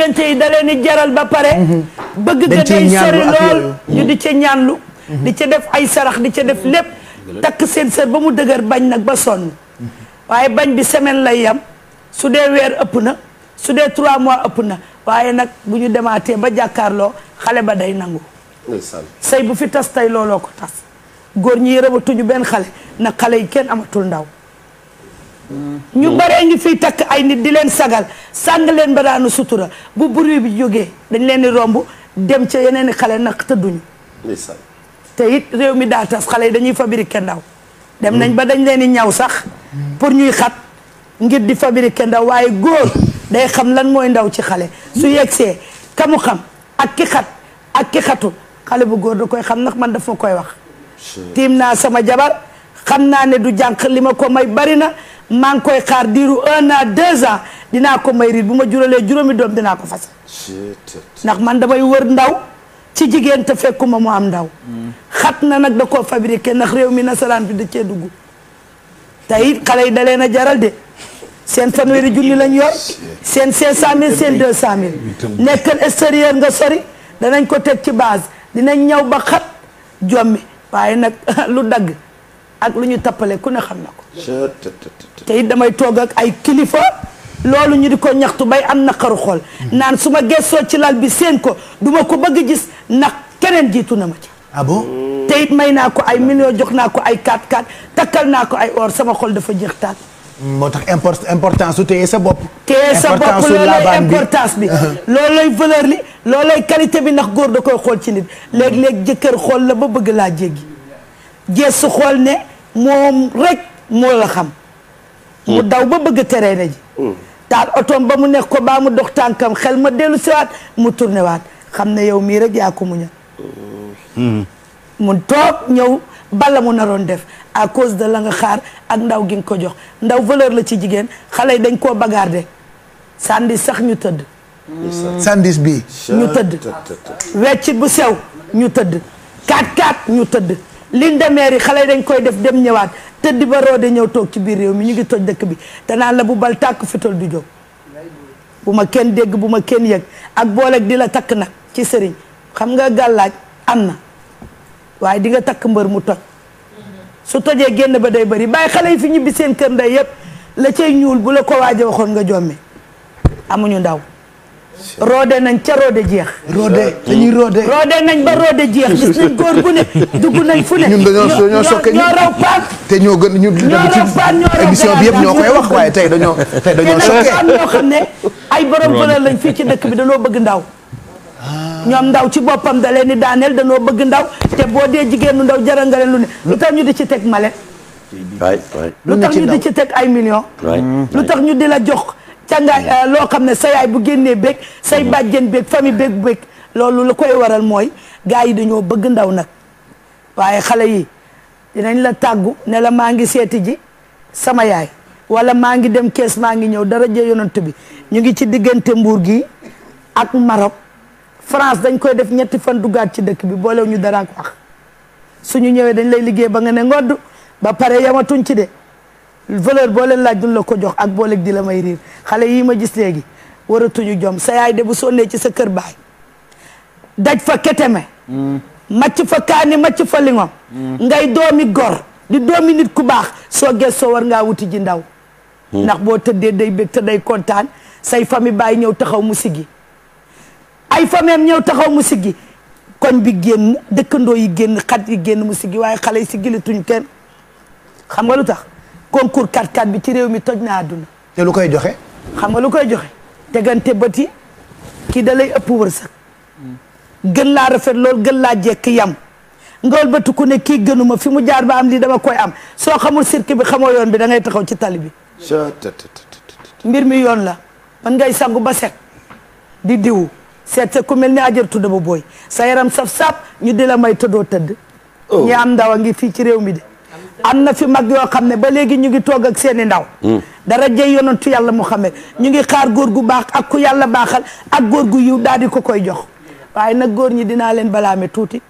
bëggante yi da leen di jaral ba pare. Mhm. bëgg nga day sori lool ñu di ca ñaanlu. Mhm. di ca def ay sarax di ca def lépp. takk seen sër ba mu dëgër bañ nag ba sonn. Mhm. waaye bañ bi semaine lay yam su dee weer ëpp na su dee trois mois ëpp na waaye nag bu ñu demaatee ba jàkkaarloo xale ba day nangu. sëy bu fi tas tey looloo ko tas góor ñi yërëmatuñu benn xale nag xale yi kenn amatul ndaw. ñu baree ngi fiy takk ay nit di leen sagal sàng leen ba daanu sutura bu bruit bi jógee dañ leen di romb dem ca yeneen i xale nag tëdduñu te it réew mi daa tas xale yi dañuy fabriquer ndaw dem nañ ba dañ leen di ñaw sax pour ñuy xat ngir di fabriquer ndaw waaye góor day xam lan mooy ndaw ci xale su yegsee kamu xam ak ki xat ak ki xatu xale bu góor da koy xam ndax man daf ma koy wax tiim naa sama jabar xam naa ne du jànq li ma ko may bari na maa ngi koy xaar diiru un an deux ans dinaa ko may bu ma juralee juróomi doom dinaa ko fas ndax man damay wër ndaw ci jigéen te ma mu am ndaw xat na nag da koo fabriqué nag réew mi nasaraan bi da cee dugg tey xale yi na leen a jaral de seen fanweeri junni lañ yor seen cinq cent mille seen deux cent mille extérieur nga sori danañ ko teg ci base dinañ ñëw ba xat jommi waaye nag lu dagg ak lu ñu tappale ku ne xam na ko te damay toog ak ay kilifa loolu ñu di ko ñaxtu bay am naqaru xool naan su ma gessoo ci lal bi seen ko duma ko bëgg gis ndax keneen jiitu na ma ci ah bon it may naa ko ay millions jox naa ko ay 4-4 takkal naa ko ay or sama xool dafa jeex taat moo tax import importance su téye sa bopp téye sa bopp loolooy importance bi uh-huh. loolooy valeur li loolooy qualité bi ndax góor da koy xool ci nit mm-hmm. léeg-léeg jëkkër xool la ba bëgg laa jéggi geesu xool ne moom rek moo la xam mu hmm. daw ba bëgg terrain ji hmm. taal otoom ba mu nekk ko baa mu dox tànkam xel ma dellu siwaat mu tourné waat xam ne yow mii rek yaa ko muñal hmm. mu toog ñëw bala mu naroon def à cause de la nga xaar ak ndaw gi nga ko jox ndaw valeur la ci jigéen xale yi dañ koo bagarde sandis sax ñu tëdd sandis bi ñu tëdd weccit bu sew ñu tëdd kaat kaat ñu tëdd lii de yi xale dañ koy def dem ñëwaat tëdd ba roode ñëw toog ci biir réew mi ñu ngi toj dëkk bi te naan la bu bal tàkk fital du jóg bu ma kenn dégg bu ma kenn yëg ak booleeg di la takk nag ci sëriñ xam nga gàllaaj am na waaye di nga takk mbër mu toj su tojee génn ba day bëri bàyyi xale yi fi ñibbi seen kër ndey yépp la cay ñuul bu la ko waaja waxoon nga jomme amuñu ndaw roode nañ ca roode jeex. roode dañuy roode. roode nañ ba roode jeex gis nañ góor gu ne dugg nañ fu ne. ñun dañoo ñoo sokke ñoo raw paak. te ñoo gën bi yëpp ñoo koy wax waaye tey dañoo tey dañoo sokke ñoo xam ne ay borom valeur lañ fii ci dëkk bi dañoo bëgg ndaw. ñoom ndaw ci boppam da leen di daaneel danoo bëgg ndaw te boo dee jigéenu ndaw jaral nga leen lu ne lu tax ñu di ci teg male. lu tax ñu di ci ay millions. lu tax ñu di la jox ca mm. euh, loo xam ne sa yaay bu génnee beeg say mm-hmm. bàjjen beeg famille beeg beeg loolu la koy waral mooy gars yi dañoo bëgg ndaw nag waaye xale yi dinañ la tàggu ne la maa ngi seeti ji sama yaay wala maa ngi dem kees maa ngi ñëw dara jee yonant bi ñu ngi ci diggante mbuur gi ak Maroc France dañ koy def ñetti fan duggaat ci dëkk bi boolew ñu dara ak ñëwee dañ lay liggéey ba nga ne ngodd ba pare yamatuñ ci de valeur boo leen laaj la ko jox ak booleeg di la may riir xale yii ma gis léegi waratuñu jom sa yaay de bu sonnee ci sa kër baay daj fa keteme mm. macc fa kaani macc fa lingom mm. ngay doomi gor di doomi nit ku baax soo gëstoo war ngaa wuti ji ndaw mm. ndax boo tëddee day bég te day kontaan say fami baay ñëw taxaw mu siggi ay fameem ñëw taxaw mu siggi koñ bi génn dëkkandoo yi génn xat yi génn mu siggi waaye xale yi si li tuñ kenn xam nga lu tax concours 4 x bi ci réew mi toj na àdduna te lu koy joxe xam nga lu koy joxe tegante bëti kii dalay lay ëpp wërsëg gën laa rafet lool gën laa jekk yam nga wëlbati ku ne kii gënuma fi mu jaar ba am lii dama koy am soo xamul circuit bi xamoo yoon bi dangay taxaw ci tali bi mbir mi yoon la man ngay sangu ba set di diwu seet sa ku mel ni ajar tudda ba booy sa yaram saf-saf ñu di la may tëddoo tëdd oh. ñi ndaw a ngi fii ci réew mi de am na fi mag yoo xam ne ba léegi ñu ngi toog ak seeni ndaw hmm. dara jey yonentu yàlla Muhammad ñu ngi xaar góor gu baax ak ku yàlla baaxal ak góor gu yiw daal di ko koy jox waaye nag góor ñi dinaa leen balaame tuuti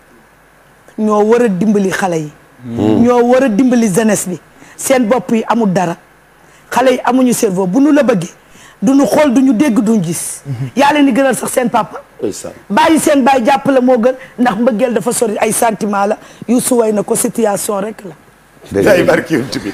ñoo war a dimbali xale yi hmm. ñoo war a dimbali jeunesse bi seen bopp yi amul dara xale yi amuñu cerveau bu nu la bëggee duñu xool duñu dégg du gis hmm. yaa leen di gënal sax seen papa bàyyi seen bàyyi jàpp la moo gën ndax mbëggeel dafa sori ay sentiment la yu suway na ko situation rek la dégg nga barki yonent bi